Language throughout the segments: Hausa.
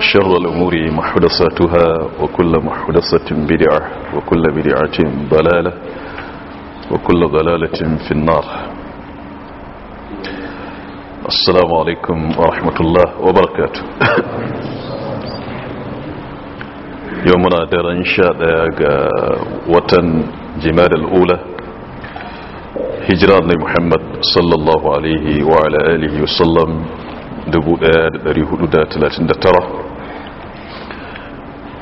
شر الأمور محدثاتها وكل محدثة بدعة وكل بدعة ضلالة وكل ضلالة في النار السلام عليكم ورحمة الله وبركاته يومنا دار إن شاء وطن جمال الأولى هجران محمد صلى الله عليه وعلى آله وسلم 1439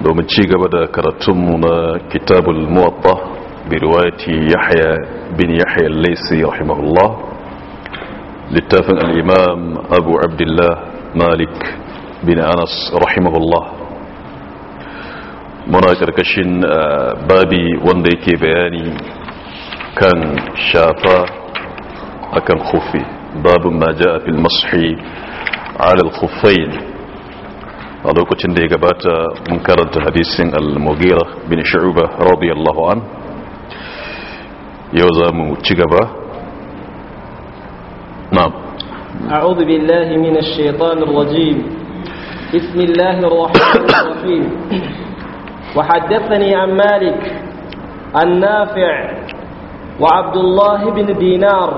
domin ci gaba da karatunmu na kitabul muwatta bi riwayati yahya bin yahya al-laysi rahimahullah littafin al-imam abu abdullah malik bin anas rahimahullah muna karkashin babi wanda yake bayani kan shafa akan khufi babun ma jaa fil mashi ala al-khuffayn a lokacin da ya gabata mun karanta hadisin al-mughira bin shu'ba radiyallahu an yau za mu ci gaba na'am a'udhu billahi minash shaitanir rajim bismillahir rahmanir rahim wa haddathani an malik an nafi' wa abdullah bin dinar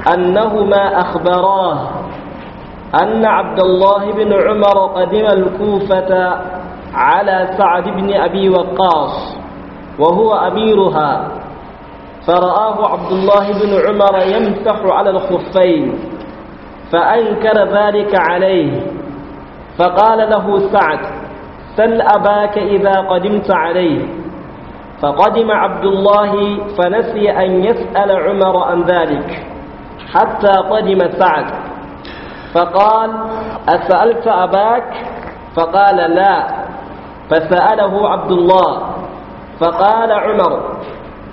annahuma akhbarahu أن عبد الله بن عمر قدم الكوفة على سعد بن أبي وقاص وهو أميرها فرآه عبد الله بن عمر يمسح على الخفين فأنكر ذلك عليه فقال له سعد سل أباك إذا قدمت عليه فقدم عبد الله فنسي أن يسأل عمر عن ذلك حتى قدم سعد فقال أسألت أباك فقال لا فسأله عبد الله فقال عمر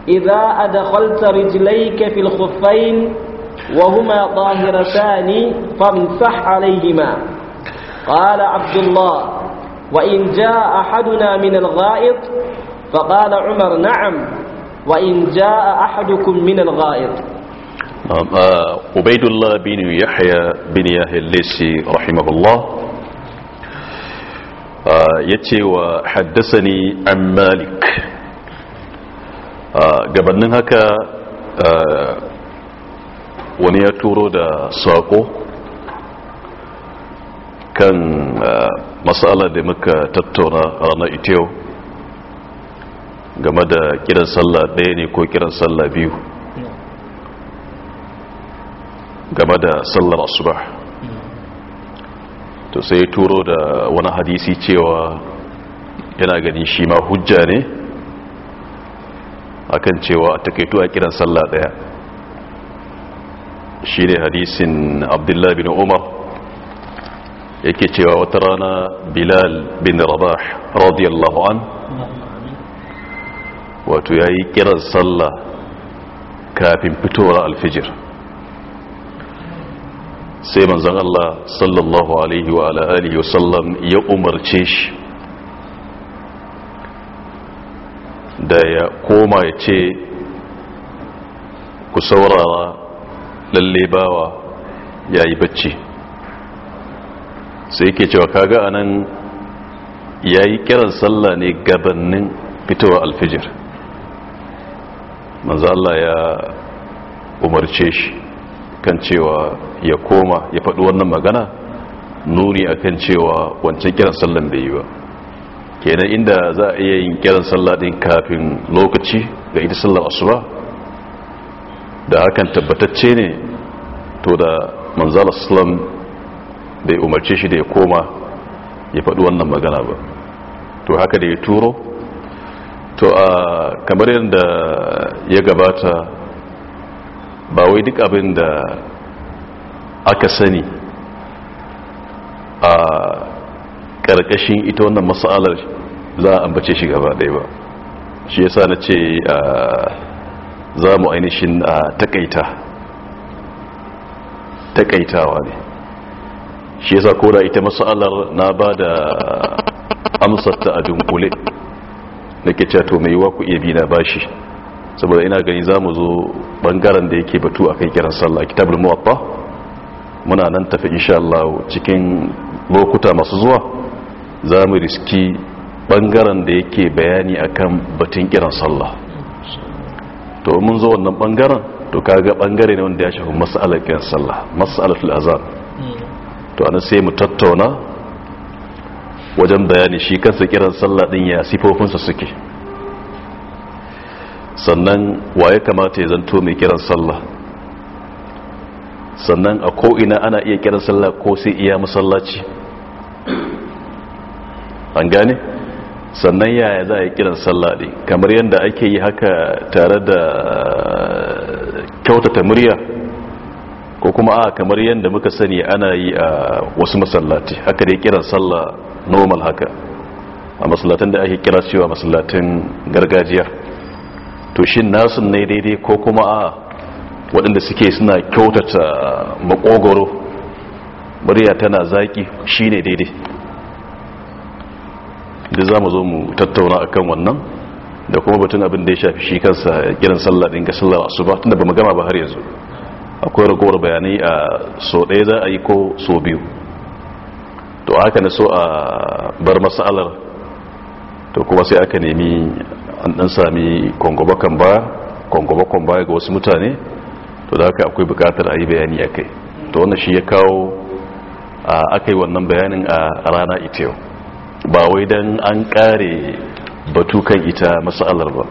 إذا أدخلت رجليك في الخفين وهما طاهرتان فامسح عليهما قال عبد الله وإن جاء أحدنا من الغائط فقال عمر نعم وإن جاء أحدكم من الغائط عبيد الله Yahya يحيى بن يحيى الليسي رحمه الله yace wa haddasani an malik gabanin haka wani ya turo da sako kan matsala da muka tattauna ranar ita yau game da kiran sallah ɗaya ne ko kiran sallah biyu game da sallar asuba to sai turo da wani hadisi cewa yana gani shi ma hujja ne akan cewa a takaitu a kiran sallah daya shi ne hadisin abdullahi bin umar yake cewa wata rana bilal bin rabah radiyallahu an wato ya yi kiran sallah kafin fitowar alfijir sai manzan Allah sallallahu alaihi wa alihi wa sallam ya umarce shi da ya koma ya ce ku saurara lalle bawa ya yi bacci sai ke cewa kaga anan ya yi kiran sallah ne gabanin fitowa alfijir manzan Allah ya umarce shi kan cewa ya koma ya faɗi wannan magana nuni a kan cewa wancan kiran sallan bai yi ba kenan inda za a iya yin kiran sallah ɗin kafin lokaci ga ita sallar asuba da hakan tabbatacce ne to da manzala da bai umarce shi da ya koma ya faɗi wannan magana ba to haka da ya turo to a kamar yadda ya gabata ba wai duk abin da aka sani a ƙarƙashin ita wannan matsalar za a ambace shi gaba ɗaya ba shi yasa na ce za mu ainihin taƙaita taƙaitawa ne shi yasa koda ita matsalar na ba da amsarta a dunkule na ke cato mai yiwa ku iya bi na bashi saboda ina gani za mu zo ɓangaren da yake batu a kai kiran sallah kitabul muwatta muna nan tafi insha Allah cikin lokuta masu zuwa za mu riski bangaren da yake bayani akan batun kiran sallah to mun zo wannan bangaren to kaga ɓangare ne wanda ya shafi mas'alar kiran sallah mas'alatul azan to anan sai mu tattauna wajen bayani shi kansa kiran sallah din ya sifofinsa suke sannan waye kamata ya zanto mai kiran sallah sannan a ko'ina ana iya kira sallah ko sai iya masallaci an gane sannan yaya za a yi kiran sallah ne kamar yadda ake yi haka tare da kyautata murya ko kuma a kamar yadda muka sani ana yi a wasu masallaci haka ya kiran sallah normal haka a masallatan da ake kira cewa masallatin gargajiya to shin nasu ne daidai ko kuma a waɗanda suke suna kyautata makogoro murya tana zaki shine daidai da za mu zo mu tattauna a kan wannan da kuma batun abin da ya shafi shi kansa kiran sallah din ga sallah tun tunda ba mu gama ba har yanzu akwai ragowar bayanai a so ɗaya za a yi ko so biyu to aka na so a bar matsalar to kuma sai aka nemi an ɗan sami kongoba kan baya kongoba baya ga wasu mutane to da haka akwai bukatar a yi bayani a kai to wanda shi ya kawo aka yi wannan bayanin a rana ita yau ba wai don an kare batu kan ita matsalar ba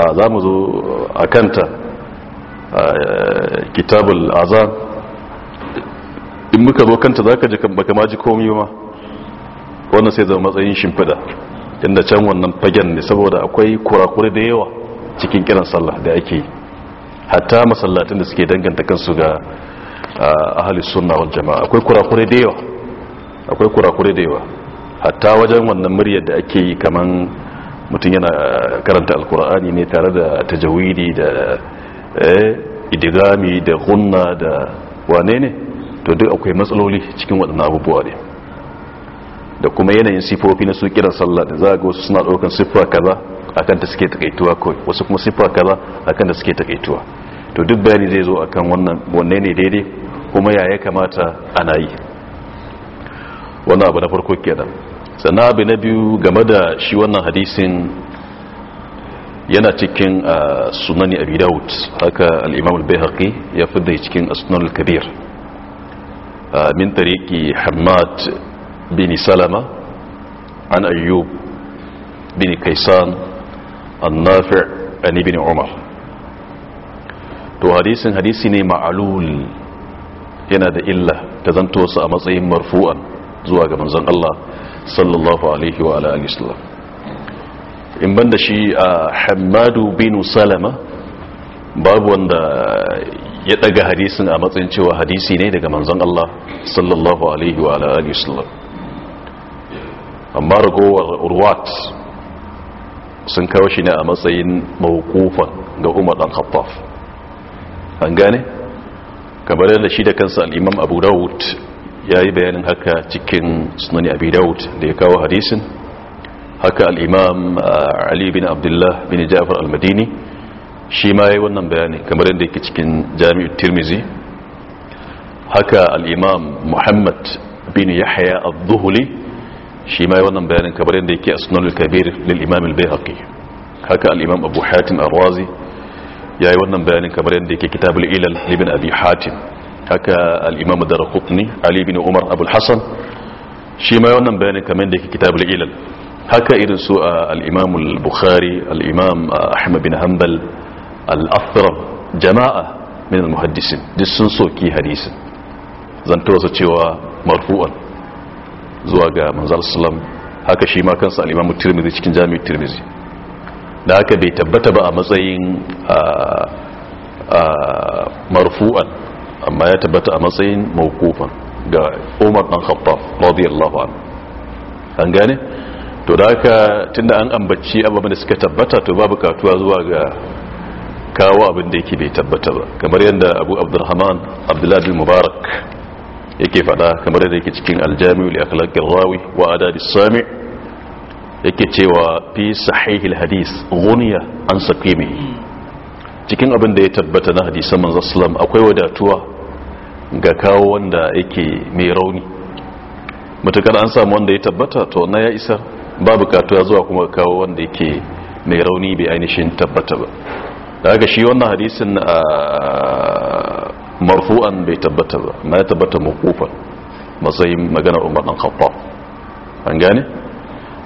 a za mu zo a kanta kitabul azan in muka zo kanta za ka ji baka maji komi ma wannan sai zama matsayin shimfida inda can wannan fagen ne saboda akwai kurakuri da yawa cikin kiran sallah da ake yi hatta masallatin da suke danganta kansu ga ahalis sunna wal jama'a akwai kurakure da yawa akwai kurakure da yawa hatta wajen wannan muryar da ake yi kaman mutum yana karanta alkur'ani ne tare da tajawidi da eh, idigami da Hunna da wane ne to duk akwai matsaloli cikin waɗannan abubuwa ne da kuma yanayin sifofi na su kiran sallah da za ga wasu suna ɗaukar siffa kaza akan ta suke takaituwa kawai wasu kuma sifa kaza akan da suke takaituwa to duk bayani zai zo akan wannan wanne ne daidai kuma ya kamata ana yi wannan abu na farko kenan sannan abu na biyu game da shi wannan hadisin yana cikin ah, sunani abi daud haka al-imam al-baihaqi ya fidda cikin as-sunan al-kabir ah, min tariqi hammad bin salama an ayyub bin kaisan annafi an ibn umar to hadisin hadisi ne ma'alul yana da illa ta zanto su a matsayin marfu'an zuwa ga manzon Allah sallallahu alaihi wa alihi wasallam in banda shi a Hammadu bin Salama babu wanda ya daga hadisin a matsayin cewa hadisi ne daga manzon Allah sallallahu alaihi wa alihi wasallam amma ragowar urwat sun kawo shi ne a matsayin mawukufan ga umar dan khattaf an gane kamar yadda shi da kansa al'imam abu dawud ya yi bayanin haka cikin sunani abu dawud da ya kawo hadisin haka al'imam uh, ali bin abdullah bin jafar al-madini shi ma ya yi wannan bayani kamar yadda yake cikin jami'ar tirmizi haka al'imam muhammad bin yahya al shi ma wannan bayanin kamar yadda yake a sunan kabir lil imam al-bayhaqi haka al-imam abu hatim ar-razi yayi wannan bayanin kamar yadda yake kitab al-ilal ibn abi hatim haka al-imam darqutni ali ibn umar abul hasan shi ma wannan bayanin kamar yadda yake kitab al-ilal haka irin su al-imam al-bukhari al-imam ahmad bin hanbal al-athram jama'a min al-muhaddisin duk sun soki hadisin zanto su cewa marfu'an zuwa ga manzal salam haka shi ma kansa al'imamu tirmizi cikin jami'ar tirmizi da haka bai tabbata ba a matsayin marfu'an amma ya tabbata a matsayin mawkufan ga umar dan khattab radiyallahu an an gane to da haka tunda an ambaci ababen da suka tabbata to babu katuwa zuwa ga kawo abin da yake bai tabbata ba kamar yadda abu abdurrahman abdullahi mubarak yake fada kamar da yake cikin aljami'ul akhlaqir rawi wa adabis sami' yake cewa fi sahihil hadis guniya an saqimi cikin abin da ya tabbata na hadisan manzon sallam akwai wadatuwa ga kawo wanda yake mai rauni mutakar an samu wanda ya tabbata to na ya isa ba kato ya zuwa kuma kawo wanda yake mai rauni bai ainihin tabbata ba daga shi wannan hadisin a ah, marfu'an bai tabbata ba ma ya tabbata makufa matsayin maganar umar dan khattab an gane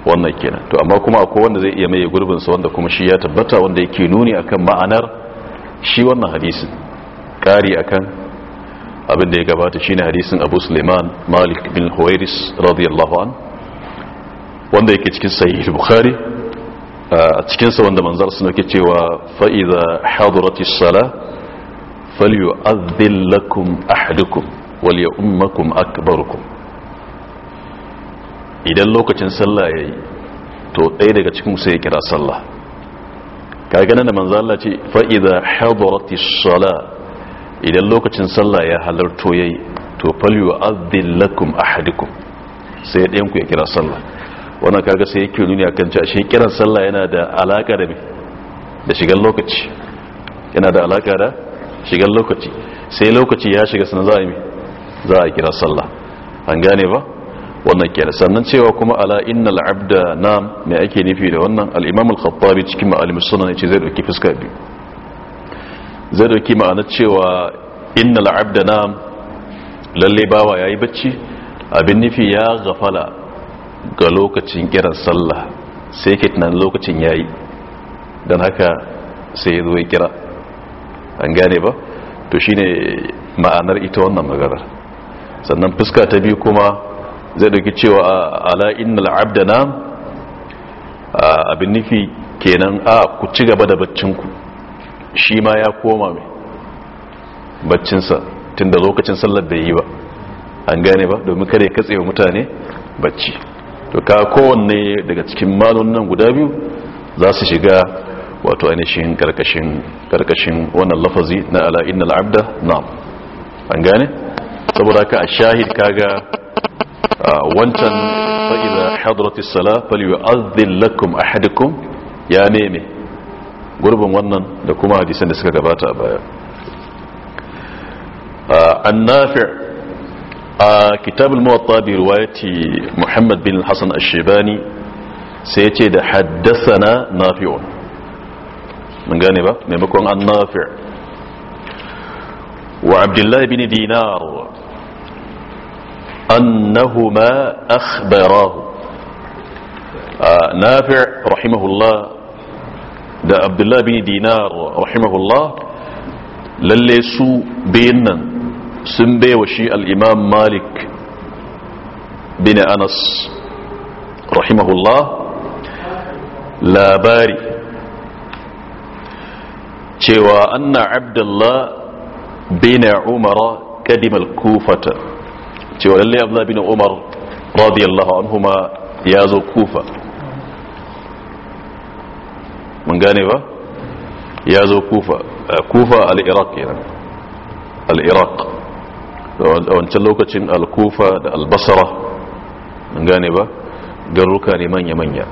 wannan kenan to amma kuma akwai wanda zai iya maye gurbin sa wanda kuma shi ya tabbata wanda yake nuni akan ma'anar shi wannan hadisin kari akan abin da ya gabata shine hadisin Abu Sulaiman Malik bin Huwairis radiyallahu an wanda yake cikin sahih Bukhari a cikin sa wanda manzar sun yake cewa fa idza hadaratis salah فليؤذن لكم أحدكم وليؤمكم أكبركم idan lokacin sallah yayi to ɗaya daga cikin sai ya kira sallah kaga nan da manzo Allah ce fa idza hadaratish sala idan lokacin sallah ya halarto yayi to falyu'adhdhil lakum ahadukum sai ya ku ya kira sallah wannan kaga sai yake nuni akan cewa shi kiran sallah yana da alaka da me da shigan lokaci yana da alaka da shigar lokaci sai lokaci ya shiga sana za a yi za a kira sallah an gane ba wannan kira sannan cewa kuma ala inna al'abda na me ake nufi da wannan al'imam al-khattabi cikin ma'alim ne ce zai dauki fuska biyu zai dauki ma'anar cewa inna al'abda na lalle bawa ya yi bacci abin nufi ya gafala ga lokacin kiran sallah sai ke tunanin lokacin ya yi don haka sai ya zo ya kira an gane ba to shine ma'anar ita wannan maganar sannan fuska ta biyu kuma zai dauki cewa ala innal abdana abin nufi kenan a ku ci gaba da ku shi ma ya koma mai baccinsa tun da lokacin sallar bai yi ba an gane ba domin kare katse wa mutane bacci to ka kowanne daga cikin malon nan guda biyu za su shiga wato ainihin karkashin karkashin wannan lafazi na ala innal abda na'am an gane saboda ka a shahid kaga wancan fa idza hadratis sala falyu'adhdhil lakum ahadukum ya neme gurbin wannan da kuma hadisan da suka gabata a baya annafi' muhammad bin hasan ash-shibani sai yace da na nafi'un mun gane ba maimakon an nafi' wa abdullahi bin dinar annahuma akhbarahu nafi' rahimahullah da abdullahi bin dinar rahimahullah lalle su bayin nan sun baiwa shi al-imam malik bin anas rahimahullah labari cewa anna abdullah bin umar kadim al-kufata cewa lalle abdullah bin umar radiyallahu anhuma ya zo kufa mun gane ba ya zo kufa kufa al-iraq kenan al-iraq a wancan lokacin al-kufa da al-basra mun gane ba garuka ne manya-manya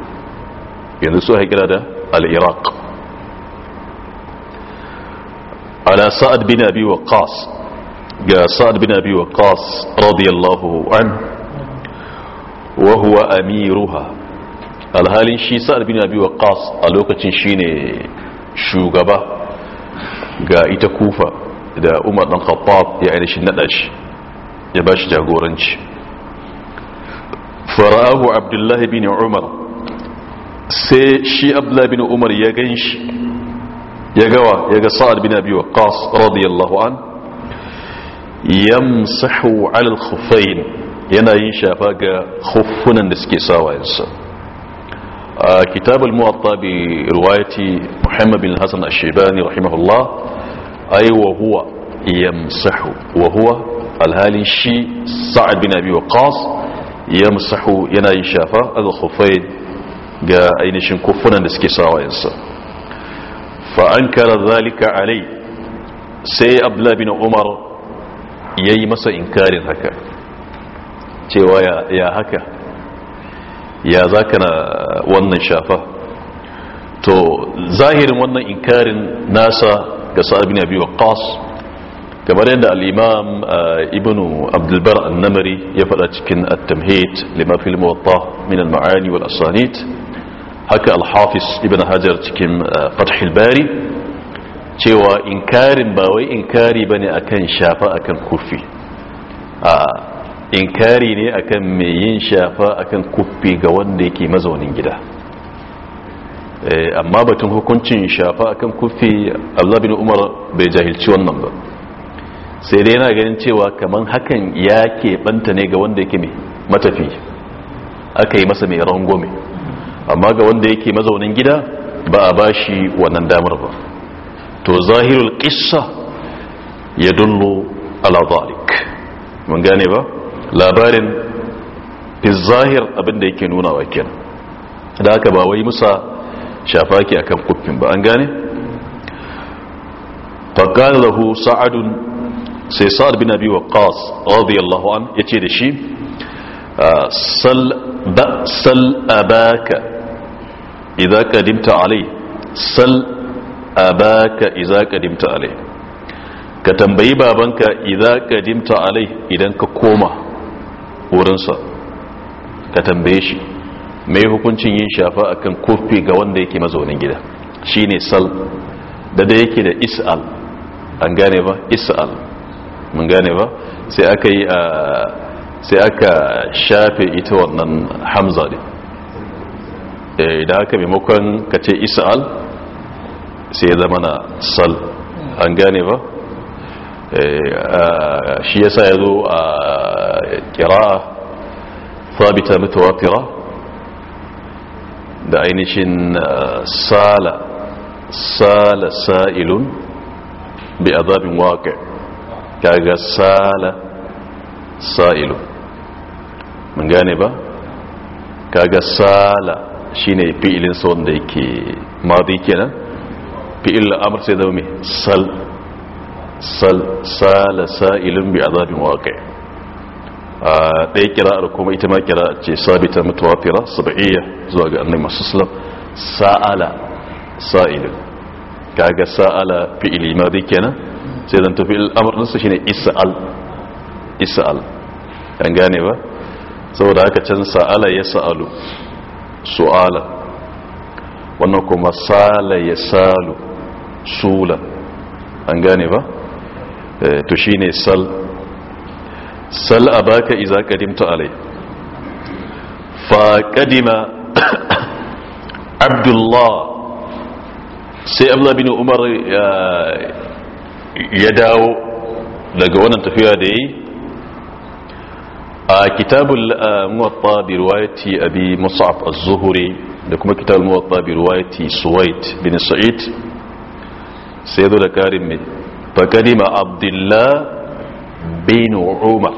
yanzu su haƙira da al-iraq ala sa'ad bin abi waqas ga sa'ad bin abi waqas radiyallahu an wa huwa amiruha alhalin shi sa'ad bin abi waqas a lokacin shine shugaba ga ita kufa da umar dan khattab ya ainihin nada shi ya bashi jagoranci fara'ahu abdullahi bin umar sai shi abdullahi bin umar ya ganshi يقوى يقى صائر بن أبي وقاص رضي الله عنه يمسح على الخفين ينا يشافا خفنا نسكي ساوى آه، كتاب المؤطى برواية محمد بن الحسن الشيباني رحمه الله أي وهو يمسح وهو الهالي شي سعد بن أبي وقاص يمسح ينا يشافا الخفين ga أين شنكفنا نسكي ساوى sawa fa an zalika alai sai abdullahi bin umar ya yi masa inkarin haka cewa ya haka ya za na wannan shafa to zahirin wannan inkarin nasa ga sa'abin abi waqas kamar yadda alimam imam ibnu abdulbar annamari ya faɗa cikin at-tamhid lima fil min al-ma'ani wal asanit haka al-hafiz ibn hajar cikin eh, fathul bari cewa inkarin ba wai inkari bane akan shafa akan kufi a inkari ne akan mai yin shafa akan kufi ga wanda yake mazaunin gida eh, amma batun hukuncin shafa akan kufi Allah bin Umar bai jahilci wannan ba sai dai yana ganin cewa kaman hakan ya banta ne ga wanda yake mai matafi aka yi masa mai rangome amma ga wanda yake mazaunin gida ba a bashi wannan damar ba to zahirul qissa yadullu ala zalik mun gane ba labarin fi zahir abinda yake nuna wa kenan da aka ba wai musa shafaki akan kuffin ba an gane faqala lahu sa'ad sai sa'ad bin abi waqqas radiyallahu an yace da shi sal da sal abaka idza qadimta alai sal abaka idza qadimta alai ka tambayi babanka idza qadimta alai idan ka koma wurinsa ka tambaye shi mai hukuncin yin shafa akan kofi ga wanda yake mazaunin gida shine sal da da yake da is'al an gane ba is'al mun gane ba sai aka yi sai aka shafe ita wannan hamza din Eh, da haka maimakon ka ce isa'al sai ya zama na sal an gane ba eh, shi ya sa ya zo a kira'a mutuwa kira da ainihin eh, sala sala sa'ilun bi azabin waƙe kaga sala sa'ilun mun gane ba kaga sala shine fi'ilin sa wanda yake madi kenan fi'il amr sai da mai sal sal sala sa'ilun bi azabin waqi a dai kira'ar kuma ita ma kira ce sabita mutawatira sab'iyya zuwa ga annabi sallallahu sa'ala sa'ilun kaga sa'ala fi'ili madi kenan sai zan tafi al'amr din sa shine is'al is'al an gane ba saboda haka can sa'ala ya sa'alu su'ala wannan kuma sala ya salu sula an gane ba eh, to ne sal sal abaka iza qadimta alai fa qadima abdullah sai abdullah bin umar eh, ya dawo daga wannan tafiya da yayi a kitabul muwatta bi ruwayati abi mus'ab zuhri da kuma kitabul muwatta bi ruwayati suwayt bin sa'id sai da karim mai fa kalima abdullah bin umar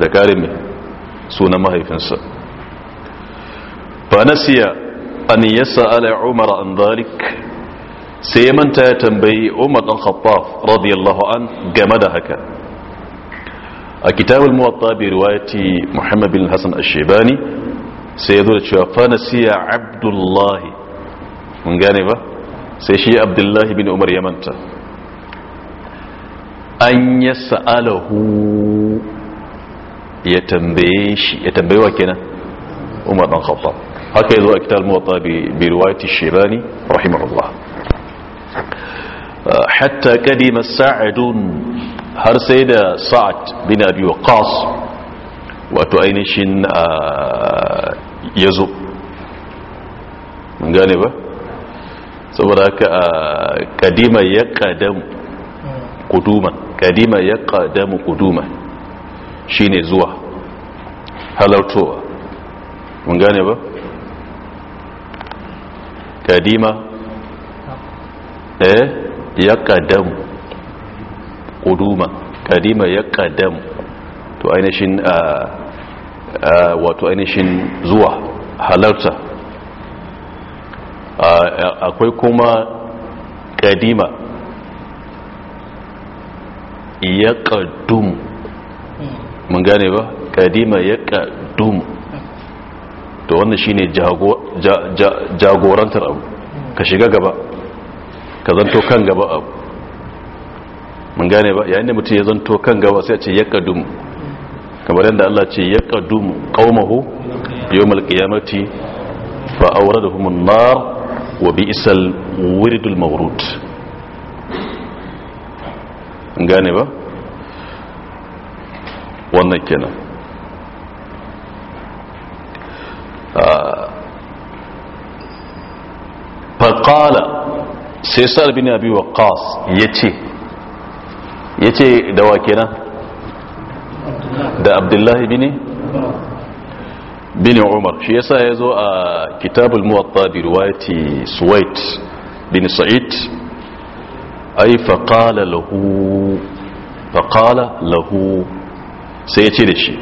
da karim mai sunan mahaifinsa fa nasiya an yasa ala umar an sai ya manta ya tambayi umar dan khattaf radiyallahu an game da haka a kitabul muwatta bi riwayati muhammad bin hasan ash-shaybani sai ya zo da cewa fa nasiya abdullahi mun gane ba sai shi abdullahi bin umar ya manta an ya sa'alahu ya tambaye shi ya tambaye wa kenan umar dan khattab haka yazo a kitabul muwatta bi riwayati ash-shaybani rahimahullah hatta kadima sa'adun har sai da sa'ad bin abi waqas wato ainihin yazo mun gane ba saboda haka kadima ya kadamu kuduma kadima ya kadamu kuduma shine zuwa halartowa mun gane ba kadima eh ya ƙadam ƙuduma ƙadima ya ƙadam to ainihin wato ainihin zuwa halarta akwai kuma ƙadima ya ƙadum mun gane ba ƙadima ya ƙadum to wannan shine jagorantar abu ka shiga gaba ta zanto kan gaba abu mun gane ba yayin da mutum ya zanto kan gaba sai a ce ya kadumu kamar yadda Allah ce ya kadumu qaumahu yawmal qiyamati fa awraduhum an-nar wa bi'sal wirdul mawrud mun gane ba wannan kenan فقال ah, sai sa'ad bin abi waqas ya ce da wa kenan da abdullahi bin bin umar shi ya zo a kitabul muwatta bi riwayati suwait bin sa'id ai faqala lahu faqala lahu sai yace da shi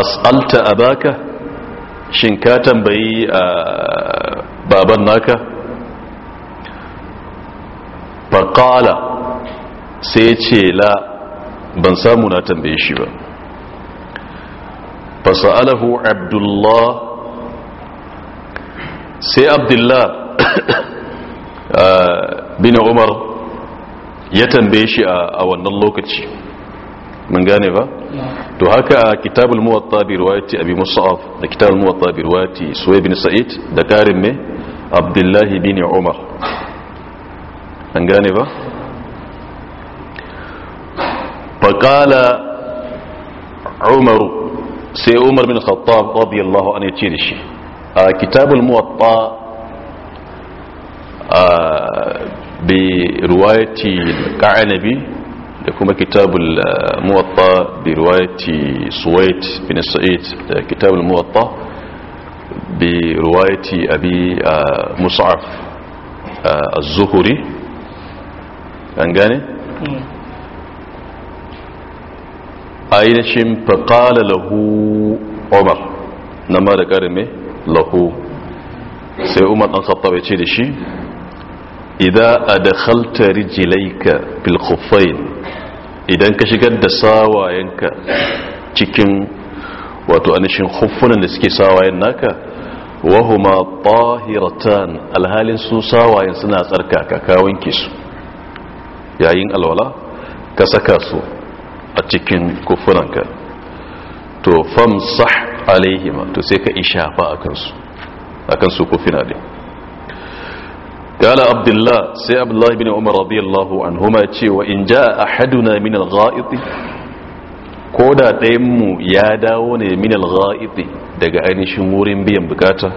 as'alta abaka shin ka tambayi ah, baban naka faƙala sai ce la ban samu na tambaye shi ba fasa'alahu abdullah sai abdullah ah, bin umar ya tambaye shi a wannan lokaci mun gane ba to haka kitabul muwatta bi riwayati abi mus'ab da kitabul muwatta bi riwayati suwayd bin sa'id da karim me عبد الله بن عمر انجانبه فقال عمر سي عمر بن الخطاب رضي الله عنه يتشيرشي كتاب الموطا برواية كعنبي يكون كتاب الموطا برواية سويت بن السعيد كتاب الموطأ برواية أبي مصعب الزهري أنقاني أين شم فقال له عمر نما ذكرمي له سي عمر أن خطب يتشيد شي إذا أدخلت رجليك في الخفين إذا كشكت دساوى ينك cikin wato anishin huffunan da suke sawayen naka wahuma tahiratan alhalin su sawayen suna tsarka ka wanke su yayin alwala ka saka su a cikin kufuranka to famsah alaihima to sai ka ishafa akan su akan su kufina din قال عبد الله سي عبد الله بن عمر رضي الله عنهما تشي وان جاء احدنا من الغائط ko da ɗayanmu ya dawo ne min algha'iti daga ainihin wurin biyan bukata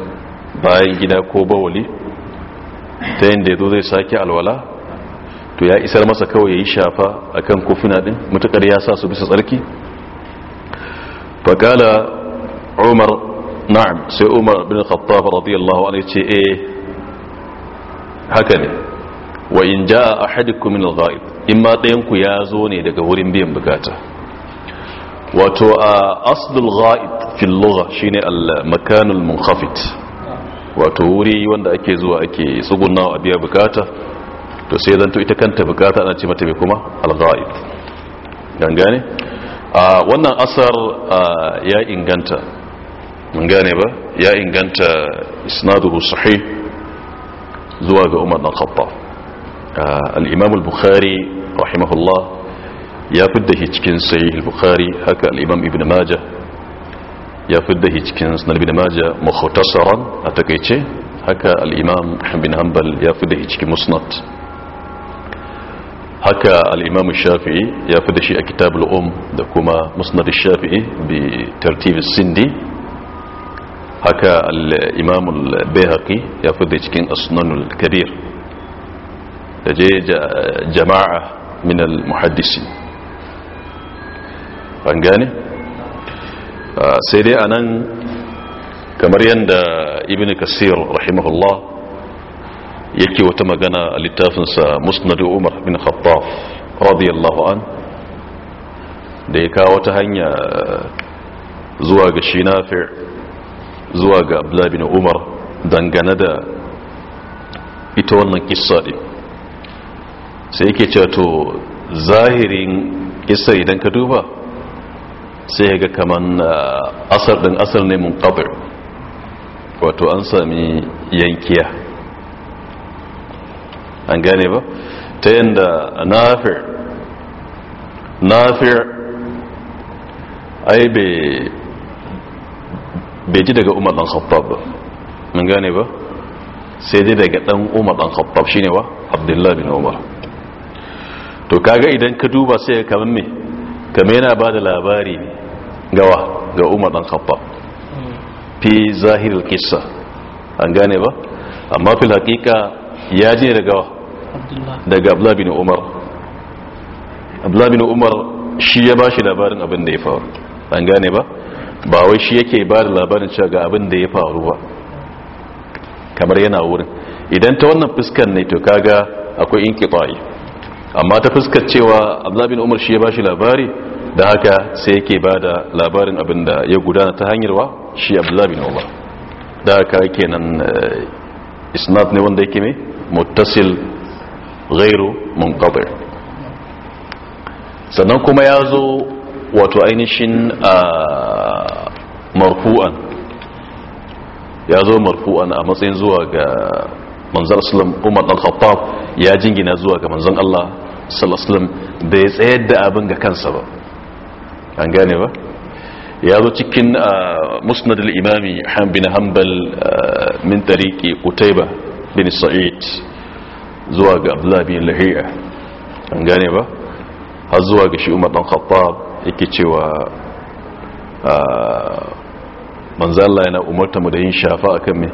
bayan gida ko bawali ta yadda zo zai sake alwala to ya isar masa kawai ya yi shafa akan kofuna din mutakar ya sa su bisa tsarki faqala umar na'am sai umar bin khattab radiyallahu alaihi ce eh haka ne wa in jaa ahadukum min in ma ɗayanku ya zo ne daga wurin biyan bukata wato a aslul ghaib fil lugha shine al makanul munkhafit wato wuri wanda ake zuwa ake tsugunna a biya bukata to sai zanto ita kanta bukata ana ce mata mai kuma al ghaib gangane a wannan asar ya inganta mun gane ba ya inganta isnaduhu sahih zuwa ga umar dan khattab al-imam al-bukhari rahimahullah ya fidda shi cikin sahih al-bukhari haka al-imam ibn majah ya fidda shi cikin sunan ibn majah mukhtasaran a takeice haka al-imam ibn hanbal ya fidda shi cikin musnad haka al-imam shafi'i ya fidda shi a kitab al-um da kuma musnad shafi'i bi tartib as-sindi haka al-imam al-bayhaqi ya fidda cikin as-sunan al-kabir da je jama'a min al-muhaddisin an gane ah, sai dai anan kamar yadda ibn kasir rahimahullah yake wata magana a littafinsa Musnad umar bin khattab radiyallahu an da ya kawo ta hanya zuwa ga shi nafi' zuwa ga abdullah bin umar dangane da ita wannan kissa din sai yake cewa to zahirin kissa idan ka duba sai ga kaman ah, asar din asar ne mun qabr wato an sami yankiya an gane ba ta yanda nafir nafir ai bai ji daga umar dan khattab ba mun gane ba sai dai daga dan umar dan khattab shine wa abdullahi bin umar to kaga idan ka duba sai ka kaman me kamar yana ba da labari ne gawa ga umar dan khattab fi zahiril qissa an gane ba amma fil haqiqa ya je daga daga abdullah bin umar abdullah bin umar shi ya bashi labarin abin da ya faru an gane ba ba wai shi yake ba da labarin cewa ga abin da ya faru ba kamar yana wurin idan ta wannan fuskar ne to kaga akwai inqita'i amma ta fuskar cewa abdullah bin umar shi ya bashi labari da haka sai yake ba da labarin abin da ya gudana ta hanyarwa shi abdullahi bin umar da haka kenan eh, isnad ne wanda yake mai muttasil ghairu munqadir sannan kuma ya zo wato ainihin a marfu'an ya zo marfu'an a matsayin zuwa ga manzan asalin umar al-khattab ya jingina zuwa ga manzan Allah sallallahu alaihi wasallam da ya tsayar da abin ga kansa ba an gane ba ya zo cikin ah, musnad al-imami han bin hanbal ah, min tariqi qutaiba bin sa'id zuwa ga abdullah bin lahiya an gane ba har zuwa ga shi umar dan khattab yake cewa ah, manzo Allah yana umarta mu da yin shafa akan me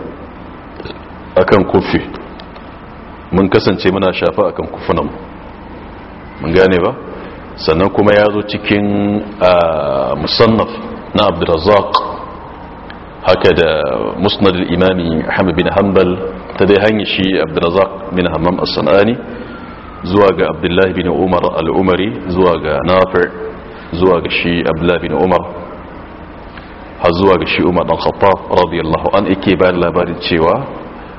akan kufi mun kasance muna shafa akan kufunan mun gane ba sannan kuma ya zo cikin musannaf na abdulrazak haka da musnadar imami hamad bin hanbal ta dai hanyar shi abdulrazak bin hammam as-sanani zuwa ga abdullahi bin umar al'umari zuwa ga nafir zuwa ga shi abdullahi bin umar har zuwa ga shi umar dan khattab radiyallahu an ike bayan labarin cewa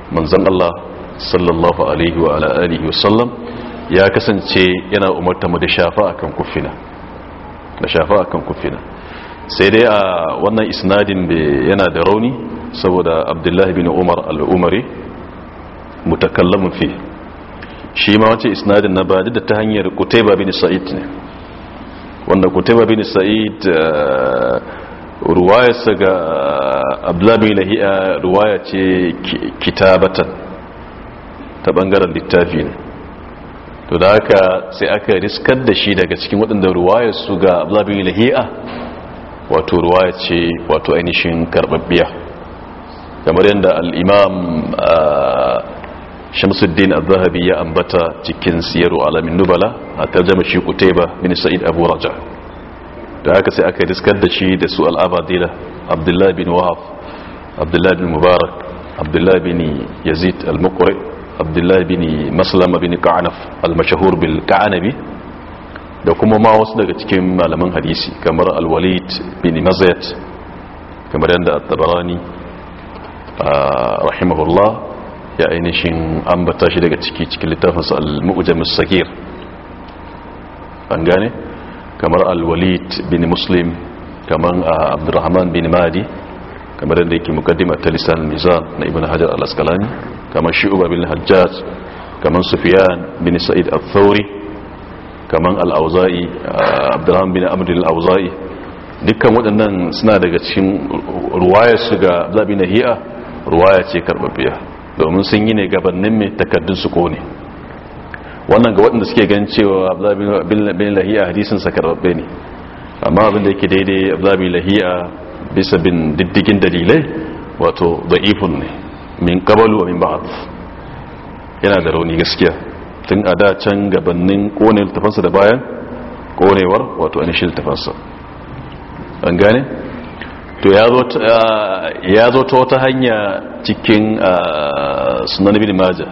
manzan Allah sallallahu alaihi wa alihi wasallam ya kasance yana umarta mu da shafa akan kufina da shafa akan kufina sai dai a wannan isnadin da yana da rauni saboda abdullahi bin umar al'umari mutakallamin fi shi ma wace isnadin na bada da ta hanyar kutaiba bin sa'id ne wanda kutaiba bin sa'id eh, sa ga abdullahi bin lahiya ruwaya ce kitabatan ta bangaren littafi ne to da haka sai aka riskar da shi daga cikin waɗanda ruwayar su ga ablabin lahi'a wato ruwaya ce wato ainihin karɓaɓɓiya kamar yadda al'imam shamsuddin al-zahabi ya ambata cikin siyarwa alamin nubala a tarjama shi kutaiba bin sa'id abu raja da haka sai aka riskar da shi da su al'abadila abdullahi bin wahab abdullahi bin mubarak abdullahi yazid al-mukwai abdullahi bin maslama bin ka'anaf al-mashahur bil ka'anabi da kuma ma wasu daga cikin malaman hadisi kamar al-walid bin mazayat kamar yadda at-tabarani rahimahullah ya ainihin ambata shi daga ciki cikin littafinsa al-mu'jam as-sagir an gane kamar al-walid bin muslim kamar abdurrahman bin madi kamar da yake mukaddima ta lisan mizan na ibn hajar al-asqalani kamar uba bin hajjaj kamar sufyan bin sa'id al-thawri kamar al-auza'i uh, abdurrahman bin amr al-auza'i dukkan waɗannan suna daga cikin ruwaya su ga zabi na ruwaya ce karbabbiya domin sun yi ne gabanin mai takaddun su kone wannan ga waɗanda suke ganin cewa abdurrahman bin lahiya hadisin sa karbabbe ne amma abin da yake daidai Abdullahi lahiya bisa bin diddigin dalilai wato da'ifun ne min qabalu wa min ba'ad yana da rauni gaskiya tun a da can gabannin kone littafansa da bayan konewar wato shi littafansa an gane to ya zo ta wata hanya cikin sunan bin maja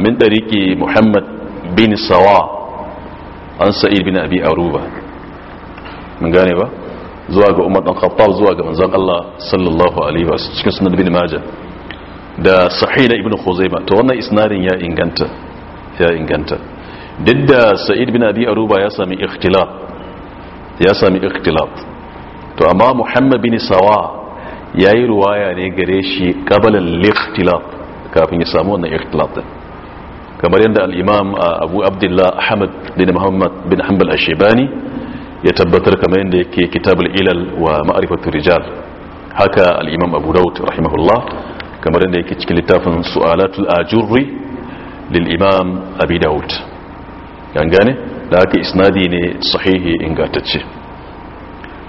min ɗariƙi muhammad bin sawa an sa'id bin abi aruba mun gane ba zuwa ga umar dan khattab zuwa ga manzon Allah sallallahu alaihi wasallam cikin sunan bin majah da sahih ibn khuzaimah to wannan isnadin ya inganta ya inganta duk da sa'id bin abi aruba ya sami ikhtilaf ya sami ikhtilaf to amma muhammad bin sawa yayi ruwaya ne gare shi qabalan ikhtilaf kafin ya samu wannan ikhtilaf din kamar yadda al-imam uh, abu abdullah ahmad bin muhammad bin hanbal ash-shaybani ya tabbatar kamar yadda yake kitabul ilal wa ma'rifatu rijal haka al-imam abu daud rahimahullah kamar yadda yake cikin littafin su'alatul ajurri lil imam abi daud an gane da haka isnadi ne sahihi ingantacce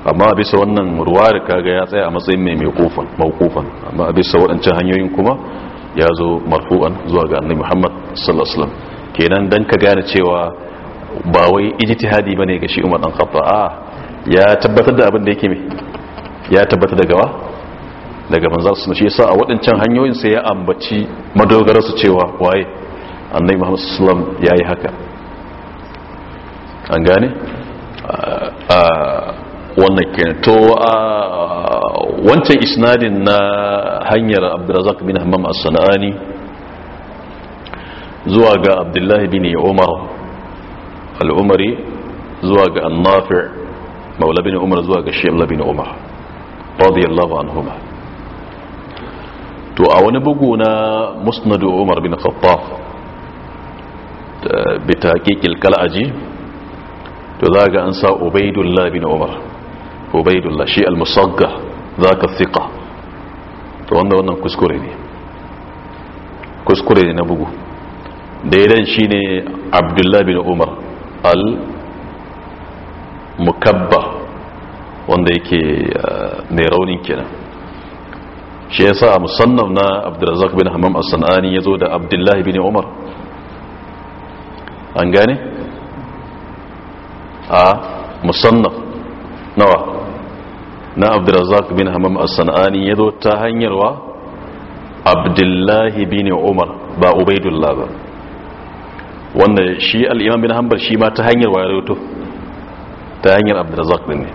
amma bisa wannan ruwayar kaga ya tsaya a matsayin mai mawqufan mawqufan amma bisa waɗancan hanyoyin kuma ya zo marfu'an zuwa ga annabi Muhammad sallallahu alaihi wasallam kenan dan ka gane cewa ba wai ijtihadi bane ga shi Umar dan Khattab ya tabbatar da abin da yake me ya tabbatar da gawa daga manzon sun shi yasa a waɗancan hanyoyin sai ya ambaci madogara su cewa waye annabi Muhammad sallallahu alaihi wasallam yayi haka an gane wannan kenan to a wancan isnadin na hanyar Abdurrazzaq bin Hammam as-Sanani zuwa ga Abdullahi bin Umar al'umari zuwa ga annafir maula bin umar zuwa ga shemla bin umar radiyallahu anhuma to a wani bugu na musnadu umar bin khattab bi taqiqil kal'aji to za ga an sa ubaidullah bin umar ubaidullah shi al-musagga zaka thiqa to wanda wannan kuskure ne kuskure ne na bugu daidan shi ne abdullahi bin umar al-mukabba wanda yake eh, mai raunin kenan shi ya sa musannaf na abdulrazak bin hamam as-san'ani ya zo da abdullahi bin umar an gane? a musannaf nawa na abdulrazak bin hamam as-san'ani ya zo ta hanyarwa abdullahi bin umar ba ubaidullah ba wanda shi al'imam bin hanbal shi ma ta hanyar wayar ya ta hanyar abdurazak din ne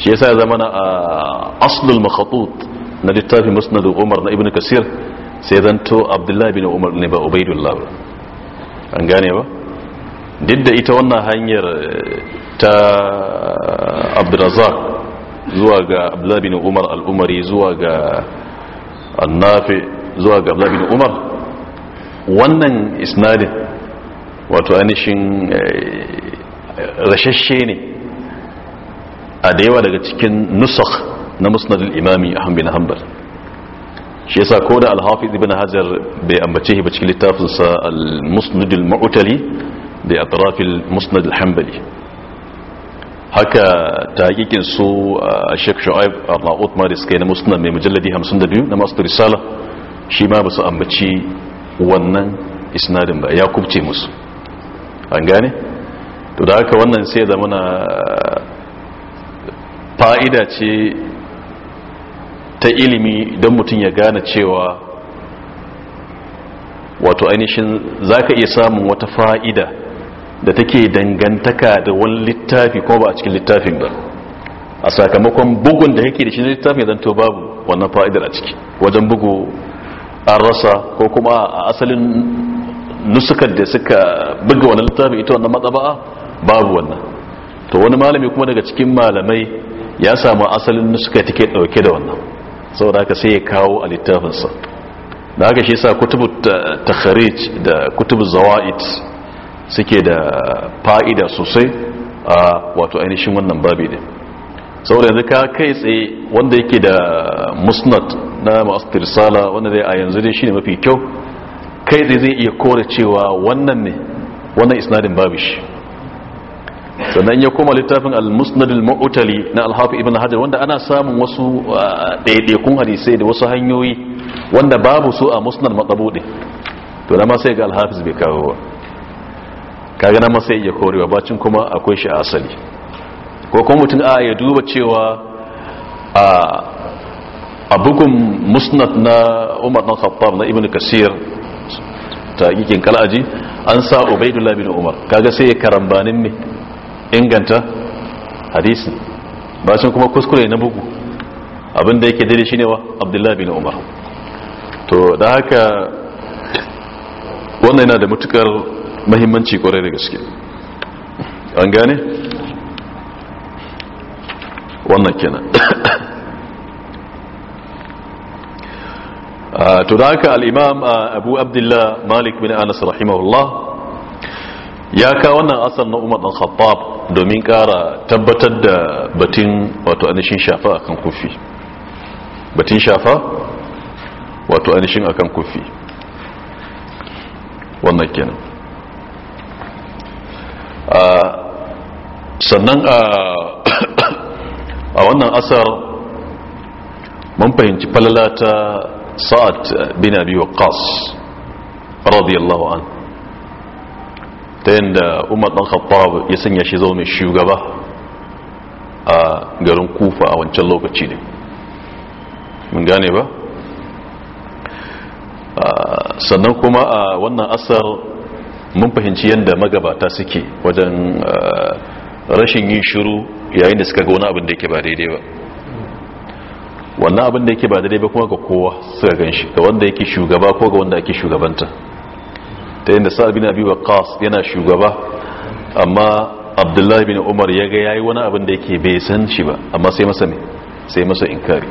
shi ya sa ya zama na aslul makhatut na littafi musnadu umar na ibn kasir sai zanto abdullahi bin umar ne ba ubaidullah ba an gane ba duk da ita wannan hanyar eh, ta abdurazak zuwa ga abdullahi bin umar al'umari zuwa ga annafi zuwa ga abdullahi bin umar wannan isnadin wato ainihin eh, rashashe ne a da yawa daga cikin nusar na musnadin imami hambi na hambar shi yasa ko da alhafi hafiz ibn hajar bai ambace shi ba cikin littafinsa sa al da al-mu'tali bi atraf al-musnad hanbali haka tahqiqin su eh, Sheikh Shu'aib al-La'ut Maris kai na musnad mai mujalladi 52 na masu risala shi ma ba su ambaci wannan isnadin ba ya kubce musu an gane to da haka wannan sai da mana fa'ida ce ta ilimi don mutum ya gane cewa wato ainihin za ka iya samun wata fa'ida da take dangantaka da wani littafi kuma ba a cikin littafin ba a sakamakon bugun da yake da shi littafin zanto babu wannan fa'idar a ciki wajen bugu an rasa ko kuma a asalin nusukar da suka buga wannan littafin ita wannan ba'a babu wannan to wani malami kuma daga cikin malamai ya samu asalin nusuka take dauke da wannan saboda haka sai ya kawo a littafinsa da haka shi yasa kutubu takharij da kutubu zawaid suke da fa'ida sosai a wato ainihin wannan babi din saboda yanzu ka kai tsaye wanda yake da musnad na masu tirsala wanda dai a yanzu dai shine mafi kyau kai zai zai iya kore cewa wannan ne wannan isnadin babu shi sannan ya koma littafin al-musnadul mu'tali na al-hafi ibn hajar wanda ana samun wasu uh, ɗaiɗaikun hadisai da wasu hanyoyi wanda babu su a musnad matsabudi to da ma sai ga al-hafiz bai kawo ba kaga nan ma sai ya korewa bacin kuma akwai shi a asali ko kuma mutum a ya duba cewa a bugun musnad na umar na khattab na ibn kasir Ta taqiqin kalaji an sa ubaidullah bin umar kaga sai ya karambanin ne inganta hadisi sun kuma kuskure na bugu abinda yake daidai shine wa abdullah bin umar to da haka wannan yana da matukar mahimmanci kwarai da gaske an gane wannan kenan Ah, to da haka al'imam ah, abu abdullah malik bin anas rahimahullah ya ka wannan asar na umar dan khattab domin kara tabbatar da batin wato anishin shafa akan kufi batun shafa wato anishin akan kufi wannan kenan ah, sannan a wannan asar mun fahimci falalata sa'ad bin abi waqas radiyallahu an ta yanda umar ɗan khattab ya sanya shi zama mai shugaba a garin kufa a wancan lokaci ne mun gane ba sannan kuma a wannan asar mun fahimci yadda magabata suke wajen eh, rashin yin shiru yayin da suka ga wani abin da yake ba daidai ba wannan abin da yake ba daidai ba kuma ga kowa suka gan shi ga wanda yake shugaba ko ga wanda ake shugabanta ta yadda sa'ad bin abi waqas yana shugaba amma abdullahi bin umar ya ga yayi wani abin da yake bai san shi ba amma sai masa ne sai masa inkari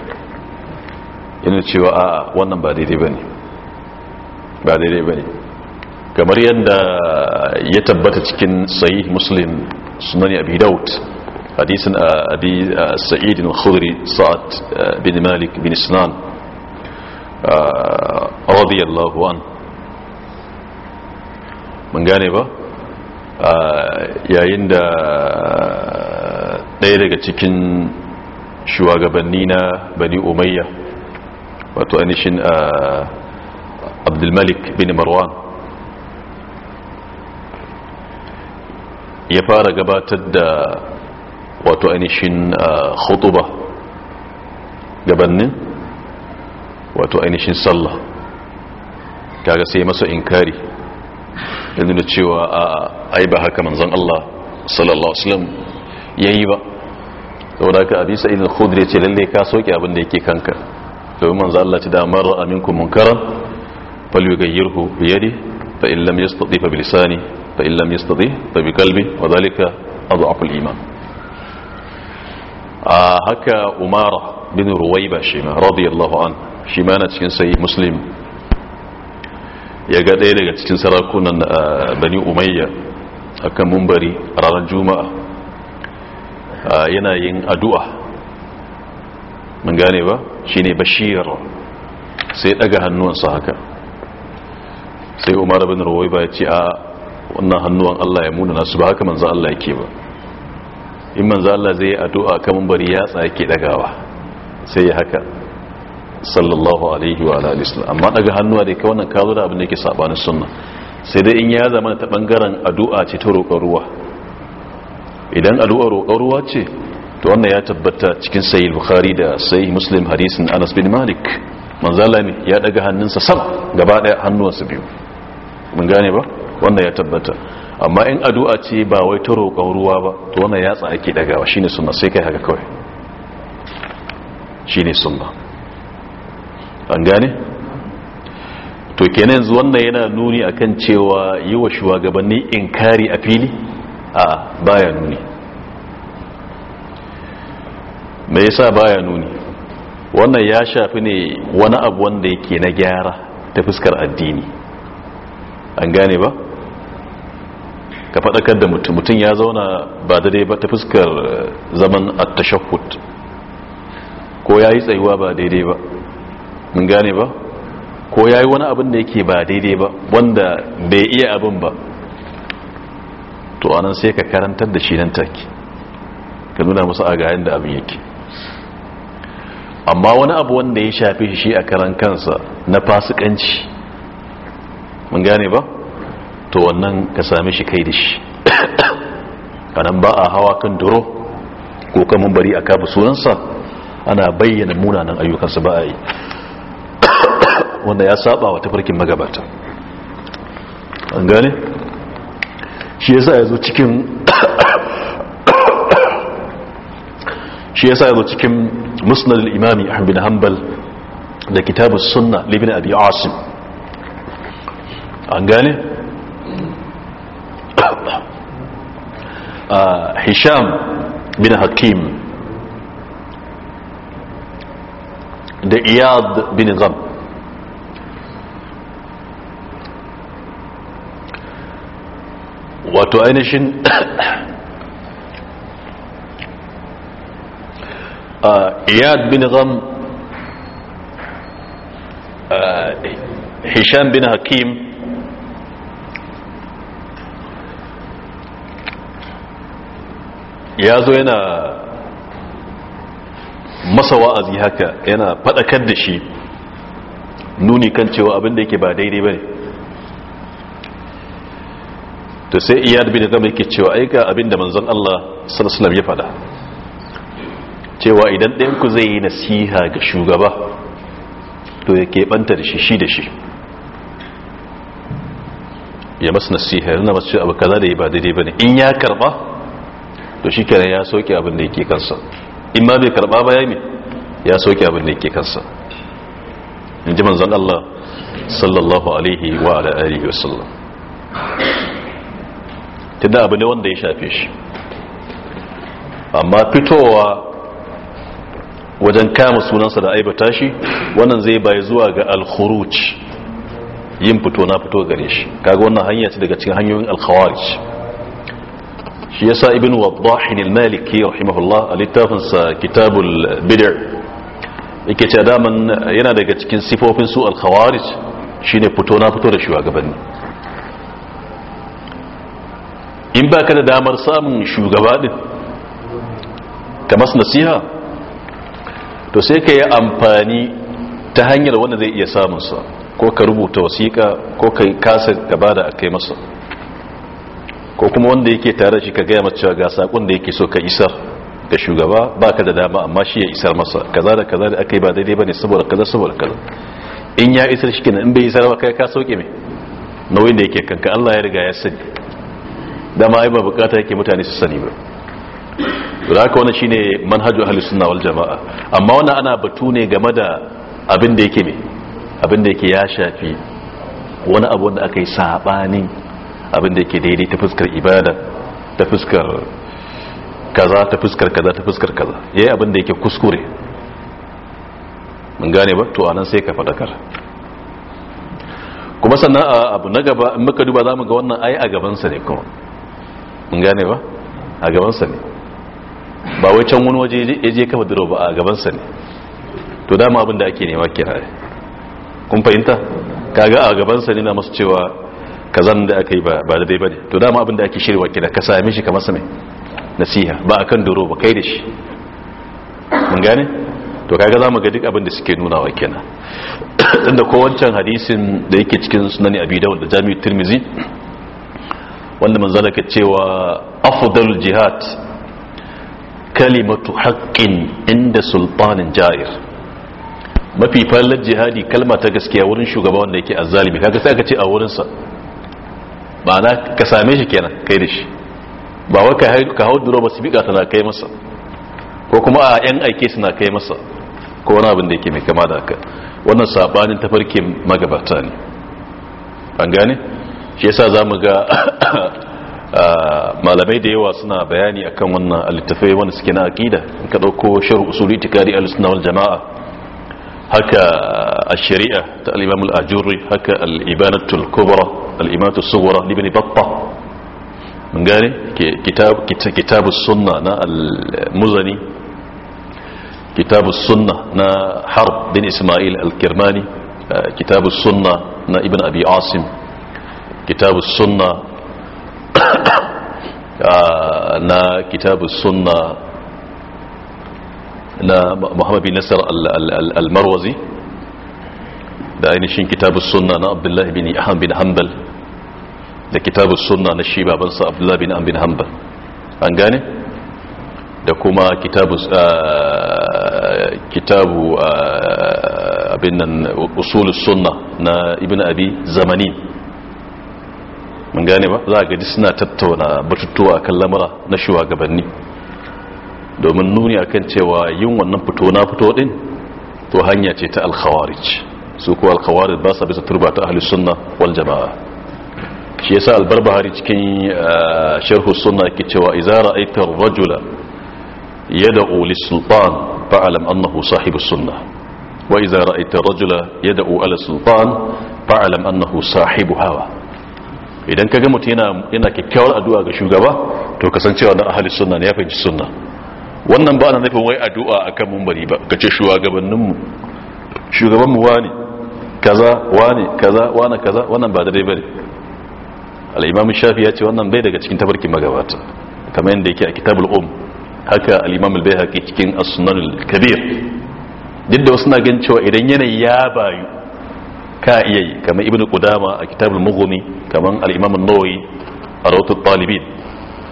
yana cewa a wannan ba daidai bane ba daidai bane kamar yadda ya tabbata cikin sahih muslim sunan abi daud حديث أبي سعيد الخضري صاد بن مالك بن سنان رضي الله عنه من جانبه yayin da ɗaya daga cikin shugabanni na bani umayya wato anishin abdulmalik bin marwan ya fara gabatar da wato ainihin uh, khutuba gabanin wato ainihin sallah kaga sai masa inkari yanzu da cewa a ai ba haka manzon Allah sallallahu alaihi ya yi ba saboda haka abi sa'id al-khudri ce lalle ka soke abin da yake kanka domin manzon Allah ce da mara aminkum munkaran falyughayyirhu bi yadi fa in lam yastati fa bi lisani fa in lam yastati fa bi qalbi wa dhalika adhafu al-iman a haka umara bin ruwaiba shi ma radiyallahu an shi ma na cikin sai muslim ya ga ɗaya daga cikin sarakunan bani umayya akan mumbari ranar juma'a yana yin addu'a mun gane ba shine bashir sai daga hannuwansa haka sai umara bin ruwai ba ya ce a wannan hannuwan Allah ya muna nasu ba haka manzan Allah ya ke ba in manzo Allah zai yi addu'a kan bari ya tsake dagawa sai ya haka sallallahu alaihi wa alihi wasallam amma daga hannuwa da kai wannan ka zo da abin da yake sabanin sunna sai dai in ya zama ta bangaren addu'a ce ta roƙon ruwa idan addu'a roƙon ruwa ce to wannan ya tabbata cikin sahih bukhari da sahih muslim hadisin Anas bin Malik manzo Allah ne ya daga hannunsa sama gaba daya hannuwansa biyu mun gane ba wannan ya tabbata amma in addu'a ce ba wai ta roƙon ruwa ba to wannan yatsa daga dagawa shine sunna sai kai haka kawai shine sunna an gane to kenan yanzu wannan yana nuni akan cewa yi wa shugabanni inkari a fili a baya nuni me yasa baya nuni wannan ya shafi ne wani abu wanda yake na gyara ta fuskar addini an gane ba ka faɗakar da mutum mutum ya zauna ba daidai ba ta fuskar eh, zaman attashahud ko ya yi tsayuwa ba daidai ba mun gane ba ko ya yi wani abin da yake ba daidai ba wanda bai iya abin ba to anan sai ka karantar da shi nan take ka nuna musu a gayan da abin yake amma wani abu wanda ya shafi shi a karan kansa na fasikanci mun gane ba to wannan ka same shi kai da shi kanan ba a hawa kan duro ko kan bari a kafa sunansa ana bayyana munanan ayyukansa ba a yi wanda ya saba wa tafarkin magabata an gane shi yasa ya zo cikin shi yasa ya zo cikin musnad imami ahmad bin hanbal da kitabus sunna libin abi asim an gane hisham bin hakim da iyad bin zam wato ainihin iyad bin zam hisham bin hakim ya zo yana masa wa'azi haka yana faɗakar da shi nuni kan cewa abin da yake ba daidai ba ne to sai iyad bin zama yake cewa aika abinda da manzon Allah sallallahu ya faɗa cewa idan ɗayanku zai yi nasiha ga shugaba to ya keɓanta da shi shi da shi ya masu nasiha yana masu abu kaza da ya ba daidai ba ne in ya karɓa to shi kenan ya soke abin da yake kansa in ma bai karba ba ya mi ya soke abin da yake kansa in ji manzan Allah sallallahu alaihi wa ala alihi wa sallam tunda abu ne wanda ya shafe shi amma fitowa wajen kama sunansa da aibata shi wannan zai bai zuwa ga al-khuruj yin fito na fito gare shi kaga wannan hanya ce daga cikin hanyoyin al-khawarij shi yasa ibn waddahin al-maliki rahimahullah a sa kitabul bid'ah yake ce man yana daga cikin sifofin su al-khawarij shine fito na fito da shugabanni in ba ka da damar samun shugaba din ka mas nasiha to sai ka yi amfani ta hanyar wanda zai iya samun sa ko ka rubuta wasiƙa ko ka kasa gaba da aka yi masa ko kuma wanda yake tare shi ka gaya macewa ga sakon da yake so ka isar ga shugaba ba ka da dama amma shi ya isar masa kaza da kaza da aka yi ba daidai ba ne saboda kaza saboda kaza in ya isar shi in bai isar ba kai ka sauke mai nauyin da yake kanka Allah ya riga ya sani dama ai ba bukata yake mutane su sani ba da haka wannan shine manhajul ahli sunna wal jamaa amma wannan ana batu ne game da abin da yake me abin da yake ya shafi wani abu wanda aka yi sabanin abin da yake daidai ta fuskar ibada ta fuskar kaza ta fuskar kaza ta fuskar kaza yayi abin da yake kuskure mun gane ba to anan sai ka fadakar kuma sannan abu na gaba in muka duba zamu ga wannan ai a gaban sa ne kuma mun gane ba a gaban sa ne ba wai can wani waje ya je kafa duro ba a gaban sa ne to dama abin da ake nema kenan kun fahimta kaga a gaban sa ne na masu cewa kazan da aka yi ba da dai ba ne to dama abin da ake shirwa kina ka same shi kamar same nasiha ba a kan doro ba kai da shi mun gane to kaga za mu ga duk abin da suke nunawa kina inda ko wancan hadisin da yake cikin sunani abi dawud da jami'u tirmizi wanda manzala ka cewa afdal jihad kalimatu haqqin inda sultanin jair mafi fallar jihadi kalma ta gaskiya wurin shugaba wanda yake azzalimi kaga sai aka ce a wurinsa ma'ana ka same shi kenan kai da shi ba wa ka hau duro ba su biƙa tana kai masa ko kuma a yan aike suna kai masa ko wani abin da yake mai kama da haka wannan sabanin tafarkin magabata ne an gane shi yasa za mu ga malamai da yawa suna bayani akan wannan littafai wanda suke na akida in ka ɗauko shirin usuli tikari al wal jama'a هكا الشريعة الإمام الأجوري هكا الإبانة الكبرى الإمامة الصغرى لابن بطة من قال كتاب كتاب السنة نا المزني كتاب السنة نا حرب بن إسماعيل الكرماني آه، كتاب السنة نا ابن أبي عاصم كتاب السنة آه، نا كتاب السنة na Muhammadu bin nasar al-marwazi da ainihin kitabun sunna na abdullahi bin ahan bin hanbal da kitabun sunna na shi babansa abdullahi bin ahan bin hanbal an gane da kuma kitabu ah, ah, abin nan usulun sunna na ibn abi zamani mun gane ba za a gadi suna tattauna batutuwa kan lamura na shugabanni domin nuni akan cewa yin wannan fito na fito din to hanya ce ta alkhawarij su ko alkhawarij ba bisa turba ta ahlus sunna wal jamaa shi yasa albarbahari cikin eh, sharhu sunna yake cewa idza ra'aita ar-rajula yad'u lis-sultan fa'lam annahu sahibu sunnah wa idza ra'aita ar-rajula yad'u ala sultan fa'lam annahu sahibu hawa idan kaga mutum yana yana kyakkyawar addu'a ga shugaba to kasancewa na ahlus sunna ne ya fahimci sunna wannan ba na nufin wai addu'a akan mumbari ba kace shugaban shugabanmu wani kaza wani kaza wani kaza wannan ba daidai bane al-imam shafi ya ce wannan bai daga cikin tabarkin magabata kamar yadda yake a kitabul um haka al-imam al-bayhaqi cikin as-sunan al-kabir duk da na gan cewa idan yanayi ya bayu ka iya yi kamar ibnu qudama a kitabul mughni kamar al-imam an-nawawi a rawatut talibin